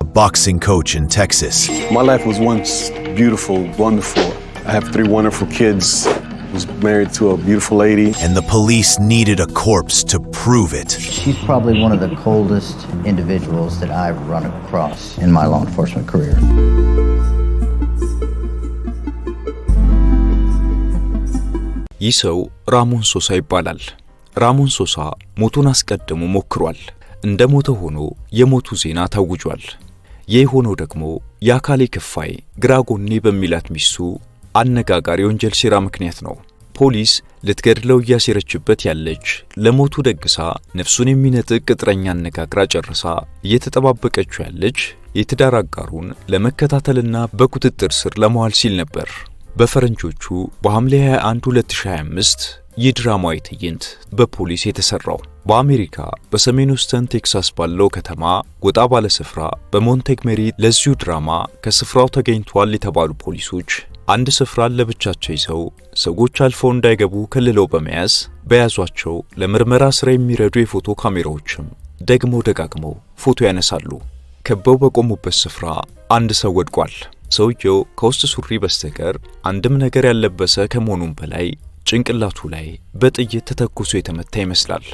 A boxing coach in Texas. My life was once beautiful, wonderful. I have three wonderful kids. I was married to a beautiful lady. And the police needed a corpse to prove it. She's probably one of the coldest individuals that I've run across in my law enforcement career. ይህ ሰው ራሞን ሶሳ ይባላል። ራሞን ሶሳ ሞቱን አስቀድሞ ሞክሯል። እንደ ሞተ ሆኖ የሞቱ ዜና ታውጇል። ይህ ሆነው ደግሞ የአካሌ ክፋይ ግራጎኔ በሚላት ሚስቱ አነጋጋሪ ወንጀል ሴራ ምክንያት ነው። ፖሊስ ልትገድለው እያሴረችበት ያለች ለሞቱ ደግሳ ነፍሱን የሚነጥቅ ቅጥረኛ አነጋግራ ጨርሳ እየተጠባበቀችው ያለች የትዳር አጋሩን ለመከታተልና በቁጥጥር ስር ለመዋል ሲል ነበር። በፈረንጆቹ በሐምሌ 21 2025 ይህ ድራማዊ ትዕይንት በፖሊስ የተሰራው በአሜሪካ በሰሜን ውስተን ቴክሳስ ባለው ከተማ ወጣ ባለ ስፍራ በሞንቴግ ሜሪ ለዚሁ ድራማ ከስፍራው ተገኝቷል የተባሉ ፖሊሶች አንድ ስፍራን ለብቻቸው ይዘው ሰዎች አልፈው እንዳይገቡ ከልለው በመያዝ በያዟቸው ለምርመራ ስራ የሚረዱ የፎቶ ካሜራዎችም ደግሞ ደጋግመው ፎቶ ያነሳሉ። ከበው በቆሙበት ስፍራ አንድ ሰው ወድቋል። ሰውየው ከውስጥ ሱሪ በስተቀር አንድም ነገር ያለበሰ ከመሆኑም በላይ ጭንቅላቱ ላይ በጥይት ተተኩሶ የተመታ ይመስላል።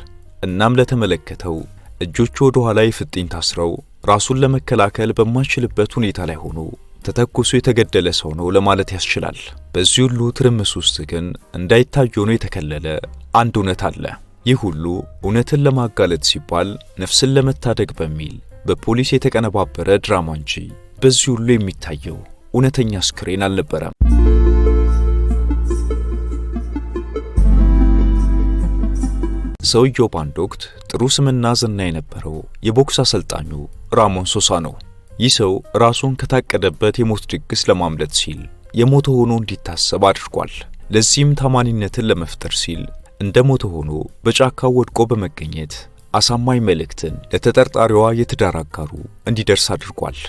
እናም ለተመለከተው እጆቹ ወደ ኋላ የፍጥኝ ታስረው ራሱን ለመከላከል በማይችልበት ሁኔታ ላይ ሆኖ ተተኩሶ የተገደለ ሰው ነው ለማለት ያስችላል። በዚህ ሁሉ ትርምስ ውስጥ ግን እንዳይታይ ሆኖ የተከለለ አንድ እውነት አለ። ይህ ሁሉ እውነትን ለማጋለጥ ሲባል ነፍስን ለመታደግ በሚል በፖሊስ የተቀነባበረ ድራማ እንጂ በዚህ ሁሉ የሚታየው እውነተኛ አስክሬን አልነበረም። ሰውየው በአንድ ወቅት ጥሩ ስምና ዝና የነበረው የቦክስ አሰልጣኙ ራሞን ሶሳ ነው። ይህ ሰው ራሱን ከታቀደበት የሞት ድግስ ለማምለጥ ሲል የሞተ ሆኖ እንዲታሰብ አድርጓል። ለዚህም ታማኒነትን ለመፍጠር ሲል እንደ ሞተ ሆኖ በጫካው ወድቆ በመገኘት አሳማኝ መልእክትን ለተጠርጣሪዋ የትዳር አጋሩ እንዲደርስ አድርጓል።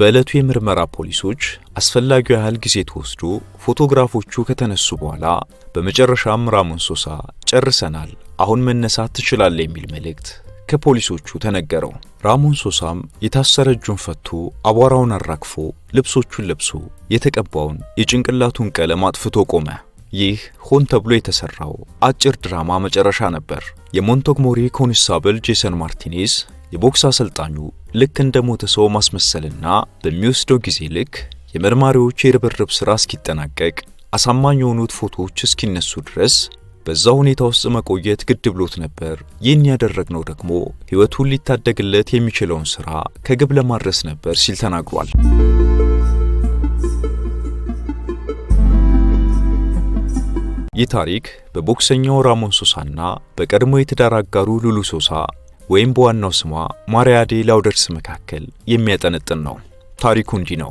በዕለቱ የምርመራ ፖሊሶች አስፈላጊው ያህል ጊዜ ተወስዶ ፎቶግራፎቹ ከተነሱ በኋላ በመጨረሻም ራሞን ሶሳ ጨርሰናል፣ አሁን መነሳት ትችላለህ የሚል መልእክት ከፖሊሶቹ ተነገረው። ራሞን ሶሳም የታሰረ እጁን ፈቶ አቧራውን አራግፎ ልብሶቹን ለብሶ የተቀባውን የጭንቅላቱን ቀለም አጥፍቶ ቆመ። ይህ ሆን ተብሎ የተሰራው አጭር ድራማ መጨረሻ ነበር። የሞንቶግሞሪ ኮንስታብል ጄሰን ማርቲኔዝ የቦክስ አሰልጣኙ ልክ እንደ ሞተ ሰው ማስመሰልና በሚወስደው ጊዜ ልክ የመርማሪዎች የርብርብ ስራ እስኪጠናቀቅ አሳማኝ የሆኑት ፎቶዎች እስኪነሱ ድረስ በዛ ሁኔታ ውስጥ መቆየት ግድ ብሎት ነበር። ይህን ያደረግነው ደግሞ ሕይወቱን ሊታደግለት የሚችለውን ስራ ከግብ ለማድረስ ነበር ሲል ተናግሯል። ይህ ታሪክ በቦክሰኛው ራሞን ሶሳና በቀድሞ የትዳር አጋሩ ሉሉ ሶሳ ወይም በዋናው ስሟ ማሪያዴ ላውደርስ መካከል የሚያጠነጥን ነው። ታሪኩ እንዲህ ነው።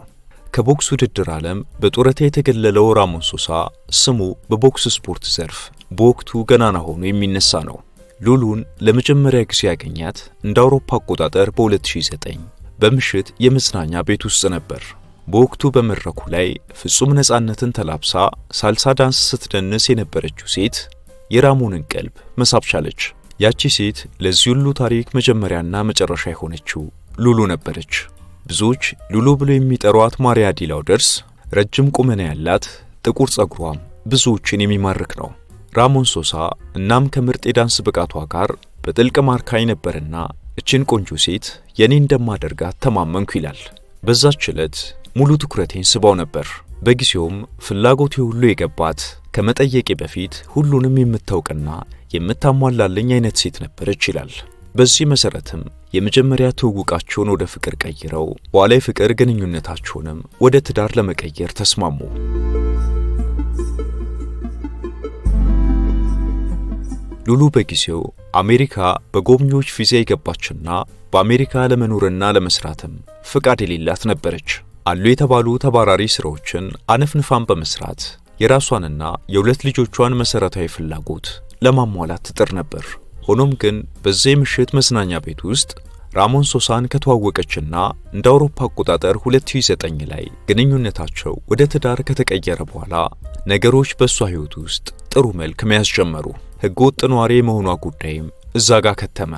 ከቦክስ ውድድር ዓለም በጡረታ የተገለለው ራሞን ሶሳ ስሙ በቦክስ ስፖርት ዘርፍ በወቅቱ ገናና ሆኖ የሚነሳ ነው። ሉሉን ለመጀመሪያ ጊዜ ያገኛት እንደ አውሮፓ አቆጣጠር በ2009 በምሽት የመዝናኛ ቤት ውስጥ ነበር። በወቅቱ በመድረኩ ላይ ፍጹም ነፃነትን ተላብሳ ሳልሳ ዳንስ ስትደንስ የነበረችው ሴት የራሞንን ቀልብ መሳብ ቻለች። ያቺ ሴት ለዚህ ሁሉ ታሪክ መጀመሪያና መጨረሻ የሆነችው ሉሉ ነበረች። ብዙዎች ሉሉ ብሎ የሚጠሯት ማሪያ ዲ ረጅም ቁመና ያላት፣ ጥቁር ጸጉሯም ብዙዎችን የሚማርክ ነው። ራሞን ሶሳ እናም ከምርጥ የዳንስ ብቃቷ ጋር በጥልቅ ማርካኝ ነበርና እችን ቆንጆ ሴት የኔ እንደማደርጋት ተማመንኩ ይላል። በዛች ዕለት ሙሉ ትኩረቴን ስባው ነበር። በጊዜውም ፍላጎቴ ሁሉ የገባት ከመጠየቄ በፊት ሁሉንም የምታውቅና የምታሟላልኝ አይነት ሴት ነበረች ይላል። በዚህ መሰረትም የመጀመሪያ ትውውቃቸውን ወደ ፍቅር ቀይረው በኋላ የፍቅር ግንኙነታቸውንም ወደ ትዳር ለመቀየር ተስማሙ። ሉሉ በጊዜው አሜሪካ በጎብኚዎች ቪዛ የገባችና በአሜሪካ ለመኖርና ለመስራትም ፍቃድ የሌላት ነበረች። አሉ የተባሉ ተባራሪ ስራዎችን አነፍንፋን በመስራት የራሷንና የሁለት ልጆቿን መሰረታዊ ፍላጎት ለማሟላት ትጥር ነበር። ሆኖም ግን በዚህ ምሽት መዝናኛ ቤት ውስጥ ራሞን ሶሳን ከተዋወቀችና እንደ አውሮፓ አቆጣጠር 2009 ላይ ግንኙነታቸው ወደ ትዳር ከተቀየረ በኋላ ነገሮች በእሷ ሕይወት ውስጥ ጥሩ መልክ መያዝ ጀመሩ። ሕገወጥ ነዋሪ የመሆኗ ጉዳይም እዛ ጋር ከተመ።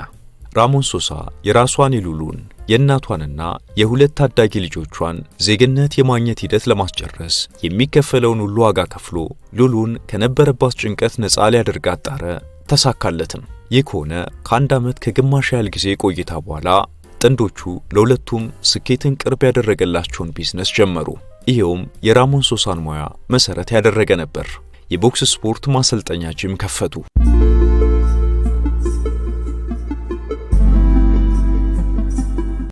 ራሞን ሶሳ የራሷን ይሉሉን የእናቷንና የሁለት ታዳጊ ልጆቿን ዜግነት የማግኘት ሂደት ለማስጨረስ የሚከፈለውን ሁሉ ዋጋ ከፍሎ ሉሉን ከነበረባት ጭንቀት ነፃ ሊያደርጋት ጣረ። ተሳካለትም። ይህ ከሆነ ከአንድ ዓመት ከግማሽ ያህል ጊዜ ቆይታ በኋላ ጥንዶቹ ለሁለቱም ስኬትን ቅርብ ያደረገላቸውን ቢዝነስ ጀመሩ። ይኸውም የራሞን ሶሳን ሙያ መሠረት ያደረገ ነበር። የቦክስ ስፖርት ማሰልጠኛ ጅም ከፈቱ።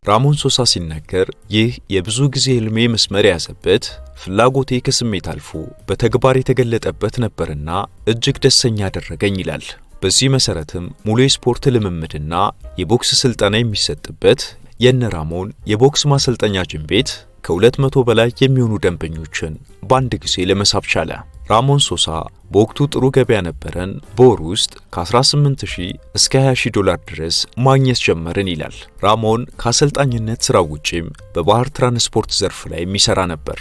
ራሞን ሶሳ ሲናገር ይህ የብዙ ጊዜ ህልሜ መስመር የያዘበት ፍላጎቴ ከስሜት አልፎ በተግባር የተገለጠበት ነበርና እጅግ ደስተኛ ያደረገኝ ይላል። በዚህ መሰረትም ሙሉ የስፖርት ልምምድና የቦክስ ስልጠና የሚሰጥበት የነ ራሞን የቦክስ ማሰልጠኛ ጅም ቤት ከሁለት መቶ በላይ የሚሆኑ ደንበኞችን በአንድ ጊዜ ለመሳብ ቻለ። ራሞን ሶሳ በወቅቱ ጥሩ ገበያ ነበረን። በወር ውስጥ ከ18000 እስከ 20000 ዶላር ድረስ ማግኘት ጀመርን ይላል። ራሞን ከአሰልጣኝነት ሥራ ውጪም በባህር ትራንስፖርት ዘርፍ ላይ የሚሰራ ነበር።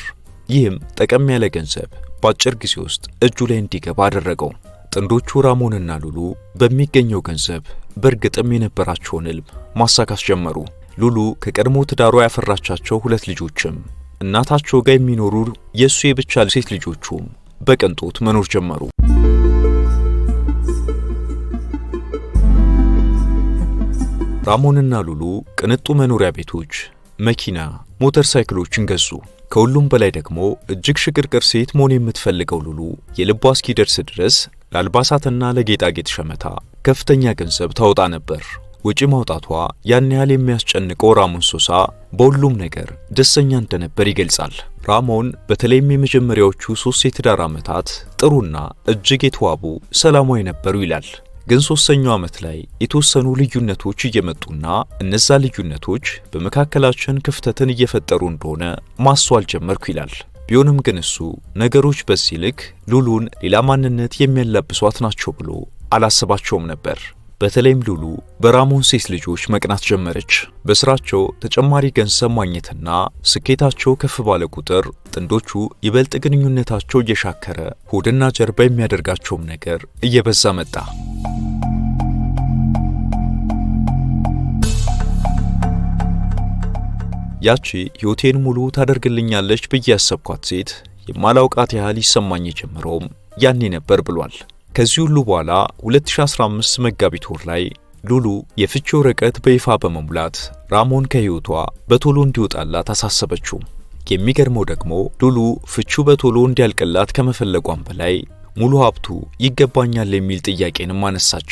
ይህም ጠቀም ያለ ገንዘብ በአጭር ጊዜ ውስጥ እጁ ላይ እንዲገባ አደረገው። ጥንዶቹ ራሞንና ሉሉ በሚገኘው ገንዘብ በእርግጥም የነበራቸውን ህልም ማሳካት ጀመሩ። ሉሉ ከቀድሞ ትዳሯ ያፈራቻቸው ሁለት ልጆችም እናታቸው ጋር የሚኖሩ የእሱ የብቻ ሴት ልጆቹም በቅንጦት መኖር ጀመሩ። ራሞንና ሉሉ ቅንጡ መኖሪያ ቤቶች፣ መኪና፣ ሞተር ሳይክሎችን ገዙ። ከሁሉም በላይ ደግሞ እጅግ ሽቅርቅር ሴት መሆን የምትፈልገው ሉሉ የልቧ እስኪደርስ ድረስ ለአልባሳትና ለጌጣጌጥ ሸመታ ከፍተኛ ገንዘብ ታወጣ ነበር። ወጪ ማውጣቷ ያን ያህል የሚያስጨንቀው ራሞን ሶሳ በሁሉም ነገር ደስተኛ እንደነበር ይገልጻል። ራሞን በተለይም የመጀመሪያዎቹ ሶስት የትዳር ዓመታት ጥሩና እጅግ የተዋቡ ሰላማዊ ነበሩ ይላል። ግን ሶስተኛው ዓመት ላይ የተወሰኑ ልዩነቶች እየመጡና እነዛ ልዩነቶች በመካከላችን ክፍተትን እየፈጠሩ እንደሆነ ማስተዋል ጀመርኩ ይላል። ቢሆንም ግን እሱ ነገሮች በዚህ ልክ ሉሉን ሌላ ማንነት የሚያላብሷት ናቸው ብሎ አላሰባቸውም ነበር። በተለይም ሉሉ በራሞን ሴት ልጆች መቅናት ጀመረች። በስራቸው ተጨማሪ ገንዘብ ማግኘትና ስኬታቸው ከፍ ባለ ቁጥር ጥንዶቹ ይበልጥ ግንኙነታቸው እየሻከረ ሆድና ጀርባ የሚያደርጋቸውም ነገር እየበዛ መጣ። ያቺ ሕይወቴን ሙሉ ታደርግልኛለች ብዬ ያሰብኳት ሴት የማላውቃት ያህል ይሰማኝ የጀምረውም ያኔ ነበር ብሏል። ከዚህ ሁሉ በኋላ 2015 መጋቢት ወር ላይ ሉሉ የፍቺ ወረቀት በይፋ በመሙላት ራሞን ከህይወቷ በቶሎ እንዲወጣላት አሳሰበችው። የሚገርመው ደግሞ ሉሉ ፍቹ በቶሎ እንዲያልቅላት ከመፈለጓም በላይ ሙሉ ሀብቱ ይገባኛል የሚል ጥያቄንም አነሳች።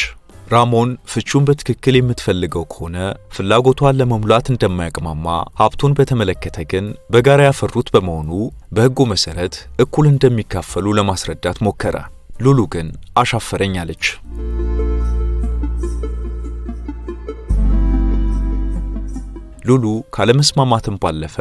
ራሞን ፍቹን በትክክል የምትፈልገው ከሆነ ፍላጎቷን ለመሙላት እንደማያቅማማ፣ ሀብቱን በተመለከተ ግን በጋራ ያፈሩት በመሆኑ በህጉ መሰረት እኩል እንደሚካፈሉ ለማስረዳት ሞከረ። ሉሉ ግን አሻፈረኝ አለች። ሉሉ ካለመስማማትም ባለፈ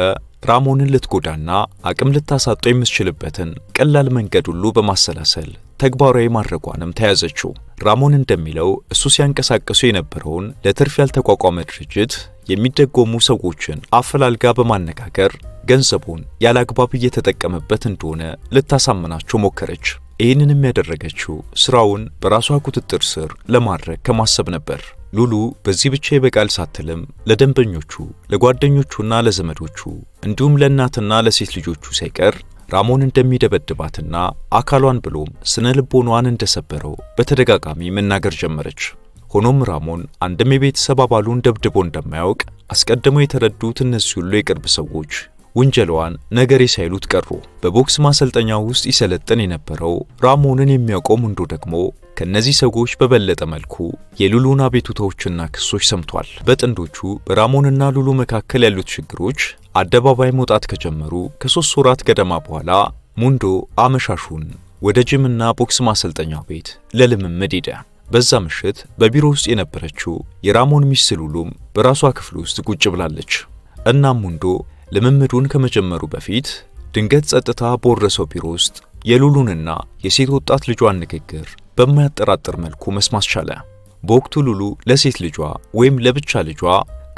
ራሞንን ልትጎዳና አቅም ልታሳጡ የምትችልበትን ቀላል መንገድ ሁሉ በማሰላሰል ተግባራዊ ማድረጓንም ተያዘችው። ራሞን እንደሚለው እሱ ሲያንቀሳቀሱ የነበረውን ለትርፍ ያልተቋቋመ ድርጅት የሚደጎሙ ሰዎችን አፈላልጋ በማነጋገር ገንዘቡን ያለ አግባብ እየተጠቀመበት እንደሆነ ልታሳምናቸው ሞከረች። ይህንንም ያደረገችው ስራውን በራሷ ቁጥጥር ስር ለማድረግ ከማሰብ ነበር። ሉሉ በዚህ ብቻ ይበቃል ሳትልም ለደንበኞቹ፣ ለጓደኞቹና ለዘመዶቹ እንዲሁም ለእናትና ለሴት ልጆቹ ሳይቀር ራሞን እንደሚደበድባትና አካሏን ብሎም ስነ ልቦኗን እንደሰበረው በተደጋጋሚ መናገር ጀመረች። ሆኖም ራሞን አንድም የቤተሰብ አባሉን ደብድቦ እንደማያውቅ አስቀድመው የተረዱት እነዚህ ሁሉ የቅርብ ሰዎች ውንጀላዋን ነገሬ ሳይሉት ቀሩ። በቦክስ ማሰልጠኛ ውስጥ ይሰለጥን የነበረው ራሞንን የሚያውቀው ሙንዶ ደግሞ ከእነዚህ ሰዎች በበለጠ መልኩ የሉሉን አቤቱታዎችና ክሶች ሰምቷል። በጥንዶቹ በራሞንና ሉሉ መካከል ያሉት ችግሮች አደባባይ መውጣት ከጀመሩ ከሶስት ወራት ገደማ በኋላ ሙንዶ አመሻሹን ወደ ጅምና ቦክስ ማሰልጠኛው ቤት ለልምምድ ሄደ። በዛ ምሽት በቢሮ ውስጥ የነበረችው የራሞን ሚስት ሉሉም በራሷ ክፍል ውስጥ ቁጭ ብላለች። እናም ሙንዶ ልምምዱን ከመጀመሩ በፊት ድንገት ጸጥታ በወረሰው ቢሮ ውስጥ የሉሉንና የሴት ወጣት ልጇን ንግግር በማያጠራጥር መልኩ መስማት ቻለ። በወቅቱ ሉሉ ለሴት ልጇ ወይም ለብቻ ልጇ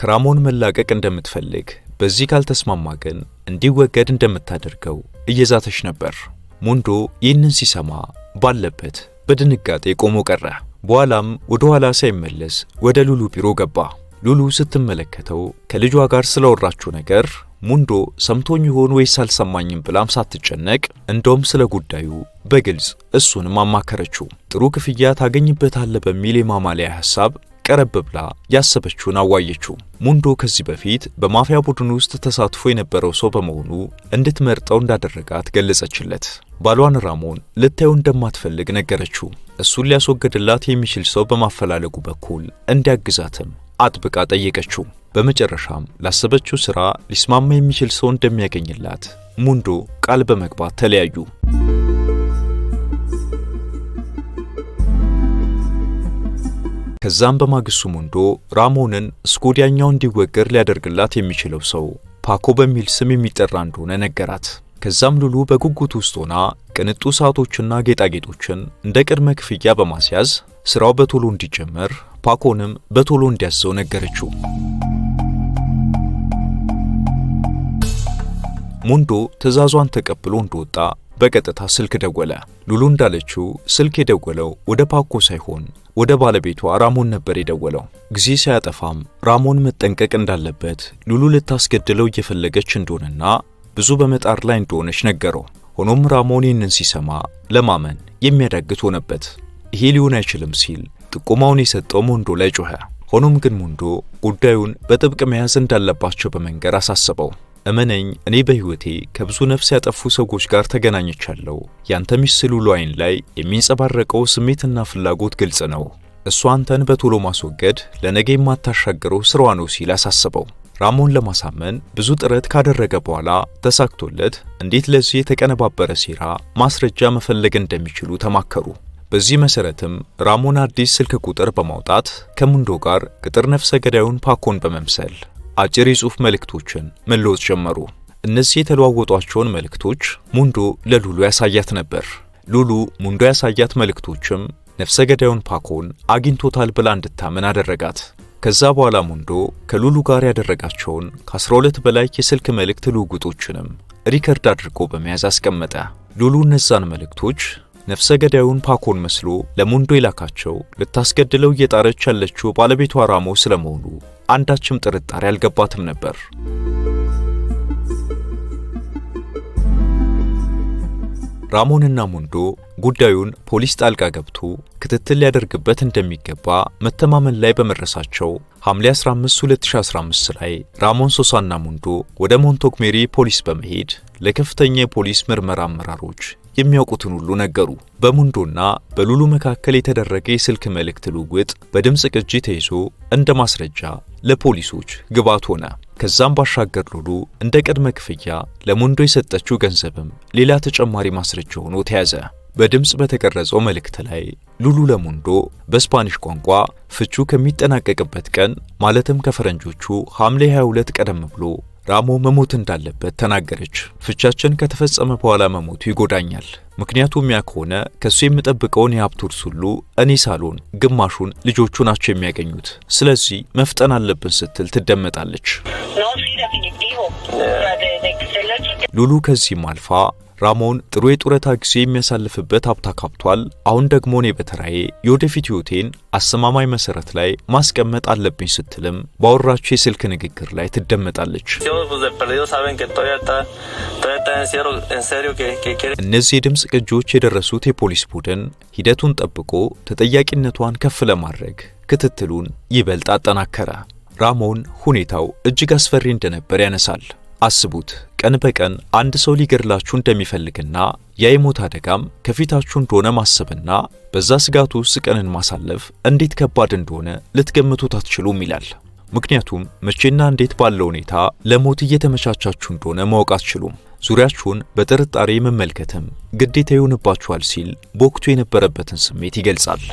ከራሞን መላቀቅ እንደምትፈልግ፣ በዚህ ካልተስማማ ግን እንዲወገድ እንደምታደርገው እየዛተች ነበር። ሙንዶ ይህንን ሲሰማ ባለበት በድንጋጤ ቆሞ ቀረ። በኋላም ወደ ኋላ ሳይመለስ ወደ ሉሉ ቢሮ ገባ። ሉሉ ስትመለከተው ከልጇ ጋር ስላወራችው ነገር ሙንዶ ሰምቶኝ ይሆን ወይስ አልሰማኝም ብላም ሳትጨነቅ እንደውም ስለ ጉዳዩ በግልጽ እሱንም አማከረችው። ጥሩ ክፍያ ታገኝበታለ በሚል የማማለያ ሐሳብ ቀረብ ብላ ያሰበችውን አዋየችው። ሙንዶ ከዚህ በፊት በማፊያ ቡድን ውስጥ ተሳትፎ የነበረው ሰው በመሆኑ እንድትመርጠው እንዳደረጋት ገለጸችለት። ባሏን ራሞን ልታየው እንደማትፈልግ ነገረችው። እሱን ሊያስወገድላት የሚችል ሰው በማፈላለጉ በኩል እንዲያግዛትም አጥብቃ ጠየቀችው። በመጨረሻም ላሰበችው ሥራ ሊስማማ የሚችል ሰው እንደሚያገኝላት ሙንዶ ቃል በመግባት ተለያዩ። ከዛም በማግስቱ ሙንዶ ራሞንን ስኮዲያኛው እንዲወገር ሊያደርግላት የሚችለው ሰው ፓኮ በሚል ስም የሚጠራ እንደሆነ ነገራት። ከዛም ሉሉ በጉጉት ውስጥ ሆና ቅንጡ ሰዓቶችና ጌጣጌጦችን እንደ ቅድመ ክፍያ በማስያዝ ስራው በቶሎ እንዲጀመር ፓኮንም በቶሎ እንዲያዘው ነገረችው። ሙንዶ ትዕዛዟን ተቀብሎ እንደወጣ በቀጥታ ስልክ ደወለ። ሉሉ እንዳለችው ስልክ የደወለው ወደ ፓኮ ሳይሆን ወደ ባለቤቷ ራሞን ነበር የደወለው። ጊዜ ሳያጠፋም ራሞን መጠንቀቅ እንዳለበት ሉሉ ልታስገድለው እየፈለገች እንደሆነና ብዙ በመጣር ላይ እንደሆነች ነገረው። ሆኖም ራሞን ይህንን ሲሰማ ለማመን የሚያዳግት ሆነበት። ይሄ ሊሆን አይችልም ሲል ጥቆማውን የሰጠው ሞንዶ ላይ ጮኸ። ሆኖም ግን ሞንዶ ጉዳዩን በጥብቅ መያዝ እንዳለባቸው በመንገር አሳስበው እመነኝ፣ እኔ በሕይወቴ ከብዙ ነፍስ ያጠፉ ሰዎች ጋር ተገናኝቻለሁ። ያንተ ሚስት ሉሉ አይን ላይ የሚንጸባረቀው ስሜትና ፍላጎት ግልጽ ነው። እሷ አንተን በቶሎ ማስወገድ ለነገ የማታሻገረው ስራዋ ነው ሲል አሳስበው። ራሞን ለማሳመን ብዙ ጥረት ካደረገ በኋላ ተሳክቶለት እንዴት ለዚህ የተቀነባበረ ሴራ ማስረጃ መፈለግ እንደሚችሉ ተማከሩ። በዚህ መሰረትም ራሞን አዲስ ስልክ ቁጥር በማውጣት ከሙንዶ ጋር ቅጥር ነፍሰ ገዳዩን ፓኮን በመምሰል አጭር የጽሑፍ መልእክቶችን መለወጥ ጀመሩ። እነዚህ የተለዋወጧቸውን መልእክቶች ሙንዶ ለሉሉ ያሳያት ነበር። ሉሉ ሙንዶ ያሳያት መልእክቶችም ነፍሰ ገዳዩን ፓኮን አግኝቶታል ብላ እንድታምን አደረጋት። ከዛ በኋላ ሙንዶ ከሉሉ ጋር ያደረጋቸውን ከ12 በላይ የስልክ መልእክት ልውውጦችንም ሪከርድ አድርጎ በመያዝ አስቀመጠ። ሉሉ እነዛን መልእክቶች ነፍሰ ገዳዩን ፓኮን መስሎ ለሙንዶ የላካቸው ልታስገድለው እየጣረች ያለችው ባለቤቷ ራሞ ስለመሆኑ አንዳችም ጥርጣሬ አልገባትም ነበር። ራሞንና ሙንዶ ጉዳዩን ፖሊስ ጣልቃ ገብቶ ክትትል ሊያደርግበት እንደሚገባ መተማመን ላይ በመድረሳቸው ሐምሌ 15 2015 ላይ ራሞን ሶሳና ሙንዶ ወደ ሞንቶክ ሜሪ ፖሊስ በመሄድ ለከፍተኛ የፖሊስ ምርመራ አመራሮች የሚያውቁትን ሁሉ ነገሩ። በሙንዶና በሉሉ መካከል የተደረገ የስልክ መልእክት ልውውጥ በድምፅ ቅጂ ተይዞ እንደ ማስረጃ ለፖሊሶች ግብዓት ሆነ። ከዛም ባሻገር ሉሉ እንደ ቅድመ ክፍያ ለሞንዶ የሰጠችው ገንዘብም ሌላ ተጨማሪ ማስረጃ ሆኖ ተያዘ። በድምፅ በተቀረጸው መልእክት ላይ ሉሉ ለሞንዶ በስፓኒሽ ቋንቋ ፍቹ ከሚጠናቀቅበት ቀን ማለትም ከፈረንጆቹ ሐምሌ 22 ቀደም ብሎ ራሞ መሞት እንዳለበት ተናገረች። ፍቻችን ከተፈጸመ በኋላ መሞቱ ይጎዳኛል። ምክንያቱም ያ ከሆነ ከእሱ የምጠብቀውን የሀብት ውርስ ሁሉ እኔ ሳልሆን ግማሹን ልጆቹ ናቸው የሚያገኙት። ስለዚህ መፍጠን አለብን ስትል ትደመጣለች። ሉሉ ከዚህም አልፋ ራሞን ጥሩ የጡረታ ጊዜ የሚያሳልፍበት ሀብታ ካብቷል፣ አሁን ደግሞ እኔ በተራዬ የወደፊት ህይወቴን አሰማማኝ መሰረት ላይ ማስቀመጥ አለብኝ ስትልም ባወራችው የስልክ ንግግር ላይ ትደመጣለች። እነዚህ የድምፅ ቅጂዎች የደረሱት የፖሊስ ቡድን ሂደቱን ጠብቆ ተጠያቂነቷን ከፍ ለማድረግ ክትትሉን ይበልጥ አጠናከረ። ራሞን ሁኔታው እጅግ አስፈሪ እንደነበር ያነሳል። አስቡት ቀን በቀን አንድ ሰው ሊገድላችሁ እንደሚፈልግና ያ የሞት አደጋም ከፊታችሁ እንደሆነ ማሰብና በዛ ስጋት ውስጥ ቀንን ማሳለፍ እንዴት ከባድ እንደሆነ ልትገምቱት አትችሉም ይላል። ምክንያቱም መቼና እንዴት ባለው ሁኔታ ለሞት እየተመቻቻችሁ እንደሆነ ማወቅ አትችሉም። ዙሪያችሁን በጥርጣሬ መመልከትም ግዴታ ይሆንባችኋል ሲል በወቅቱ የነበረበትን ስሜት ይገልጻል።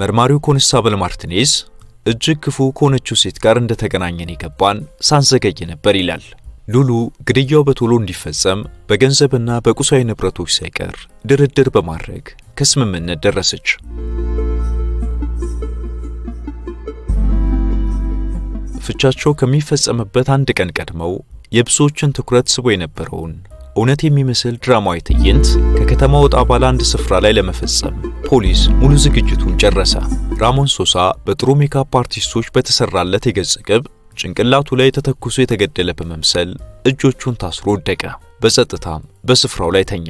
መርማሪው ኮንስታብል ማርቲኔዝ እጅግ ክፉ ከሆነችው ሴት ጋር እንደተገናኘን የገባን ሳንዘገይ ነበር ይላል። ሉሉ ግድያው በቶሎ እንዲፈጸም በገንዘብና በቁሳዊ ንብረቶች ሳይቀር ድርድር በማድረግ ከስምምነት ደረሰች። ፍቻቸው ከሚፈጸምበት አንድ ቀን ቀድመው የብዙዎችን ትኩረት ስቦ የነበረውን እውነት የሚመስል ድራማዊ ትዕይንት ከከተማ ወጣ ባለ አንድ ስፍራ ላይ ለመፈጸም ፖሊስ ሙሉ ዝግጅቱን ጨረሰ። ራሞን ሶሳ በጥሩ ሜካፕ አርቲስቶች በተሰራለት የገጽ ቅብ ጭንቅላቱ ላይ ተተኩሶ የተገደለ በመምሰል እጆቹን ታስሮ ወደቀ። በጸጥታም በስፍራው ላይ ተኛ።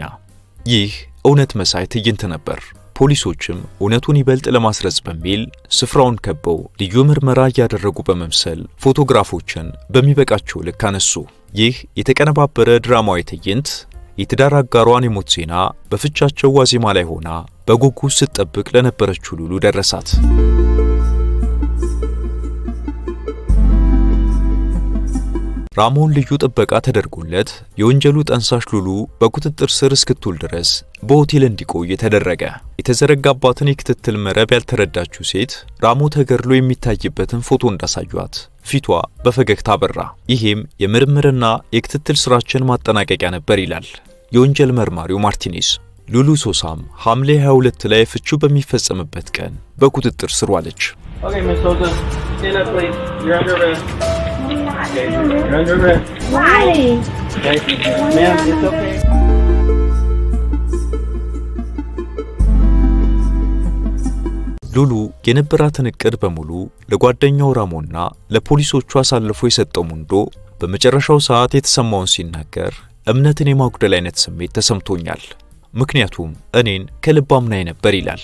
ይህ እውነት መሳይ ትዕይንት ነበር። ፖሊሶችም እውነቱን ይበልጥ ለማስረጽ በሚል ስፍራውን ከበው ልዩ ምርመራ እያደረጉ በመምሰል ፎቶግራፎችን በሚበቃቸው ልክ አነሱ። ይህ የተቀነባበረ ድራማዊ ትዕይንት የትዳር አጋሯን የሞት ዜና በፍቻቸው ዋዜማ ላይ ሆና በጉጉት ስትጠብቅ ለነበረችው ሉሉ ደረሳት። ራሞን ልዩ ጥበቃ ተደርጎለት የወንጀሉ ጠንሳሽ ሉሉ በቁጥጥር ስር እስክትውል ድረስ በሆቴል እንዲቆይ ተደረገ። የተዘረጋባትን የክትትል መረብ ያልተረዳችው ሴት ራሞ ተገድሎ የሚታይበትን ፎቶ እንዳሳዩት ፊቷ በፈገግታ በራ ይህም የምርምርና የክትትል ስራችን ማጠናቀቂያ ነበር ይላል የወንጀል መርማሪው ማርቲኔዝ። ሉሉ ሶሳም ሐምሌ 22 ላይ ፍቹ በሚፈጸምበት ቀን በቁጥጥር ስር ዋለች። okay. ሉሉ የነበራትን እቅድ በሙሉ ለጓደኛው ራሞና ለፖሊሶቹ አሳልፎ የሰጠው ሙንዶ በመጨረሻው ሰዓት የተሰማውን ሲናገር እምነትን የማጉደል አይነት ስሜት ተሰምቶኛል፣ ምክንያቱም እኔን ከልብ አምናኝ ነበር ይላል።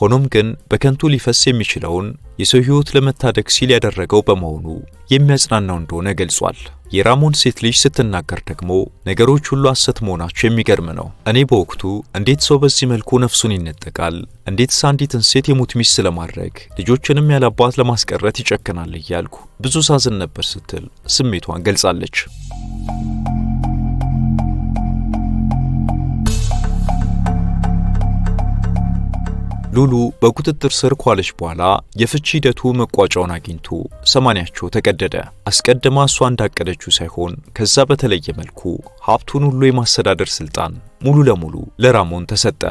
ሆኖም ግን በከንቱ ሊፈስ የሚችለውን የሰው ሕይወት ለመታደግ ሲል ያደረገው በመሆኑ የሚያጽናናው እንደሆነ ገልጿል። የራሞን ሴት ልጅ ስትናገር ደግሞ ነገሮች ሁሉ ሐሰት መሆናቸው የሚገርም ነው። እኔ በወቅቱ እንዴት ሰው በዚህ መልኩ ነፍሱን ይነጠቃል? እንዴትስ አንዲትን ሴት የሙት ሚስት ለማድረግ ልጆችንም ያለአባት ለማስቀረት ይጨክናል እያልኩ ብዙ ሳዝን ነበር ስትል ስሜቷን ገልጻለች። ሉሉ በቁጥጥር ስር ከዋለች በኋላ የፍቺ ሂደቱ መቋጫውን አግኝቶ ሰማንያቸው ተቀደደ። አስቀድማ እሷ እንዳቀደችው ሳይሆን ከዛ በተለየ መልኩ ሀብቱን ሁሉ የማስተዳደር ስልጣን ሙሉ ለሙሉ ለራሞን ተሰጠ።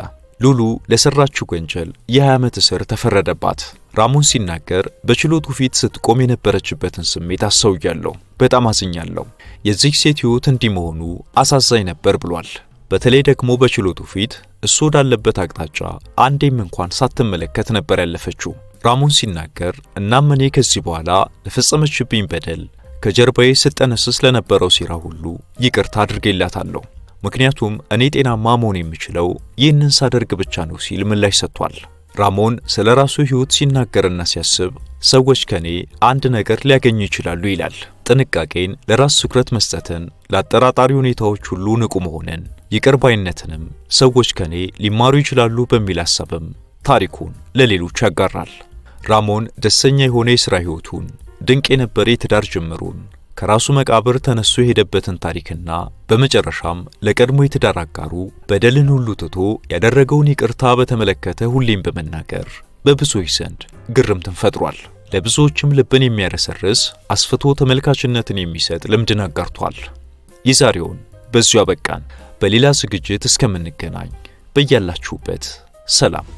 ሉሉ ለሰራችው ወንጀል የ20 ዓመት እስር ተፈረደባት። ራሞን ሲናገር በችሎቱ ፊት ስትቆም የነበረችበትን ስሜት አስተውያለሁ፣ በጣም አዝኛለሁ። የዚህ ሴት ሕይወት እንዲህ መሆኑ አሳዛኝ ነበር ብሏል። በተለይ ደግሞ በችሎቱ ፊት እሱ ወዳለበት አቅጣጫ አንዴም እንኳን ሳትመለከት ነበር ያለፈችው። ራሞን ሲናገር እናም እኔ ከዚህ በኋላ ለፈጸመችብኝ በደል ከጀርባዬ ስጠነስስ ለነበረው ሴራ ሁሉ ይቅርታ አድርጌላታለሁ፣ ምክንያቱም እኔ ጤናማ መሆን የምችለው ይህንን ሳደርግ ብቻ ነው ሲል ምላሽ ሰጥቷል። ራሞን ስለ ራሱ ሕይወት ሲናገርና ሲያስብ ሰዎች ከኔ አንድ ነገር ሊያገኙ ይችላሉ ይላል። ጥንቃቄን፣ ለራስ ትኩረት መስጠትን፣ ለአጠራጣሪ ሁኔታዎች ሁሉ ንቁ መሆንን ይቅርባይነትንም ሰዎች ከኔ ሊማሩ ይችላሉ በሚል ሐሳብም ታሪኩን ለሌሎች ያጋራል። ራሞን ደስተኛ የሆነ የሥራ ሕይወቱን፣ ድንቅ የነበረ የትዳር ጅምሩን፣ ከራሱ መቃብር ተነስቶ የሄደበትን ታሪክና በመጨረሻም ለቀድሞ የትዳር አጋሩ በደልን ሁሉ ትቶ ያደረገውን ይቅርታ በተመለከተ ሁሌም በመናገር በብዙዎች ዘንድ ግርምትን ፈጥሯል። ለብዙዎችም ልብን የሚያረሰርስ አስፍቶ ተመልካችነትን የሚሰጥ ልምድን አጋርቷል። የዛሬውን በዚሁ አበቃን። በሌላ ዝግጅት እስከምንገናኝ በያላችሁበት ሰላም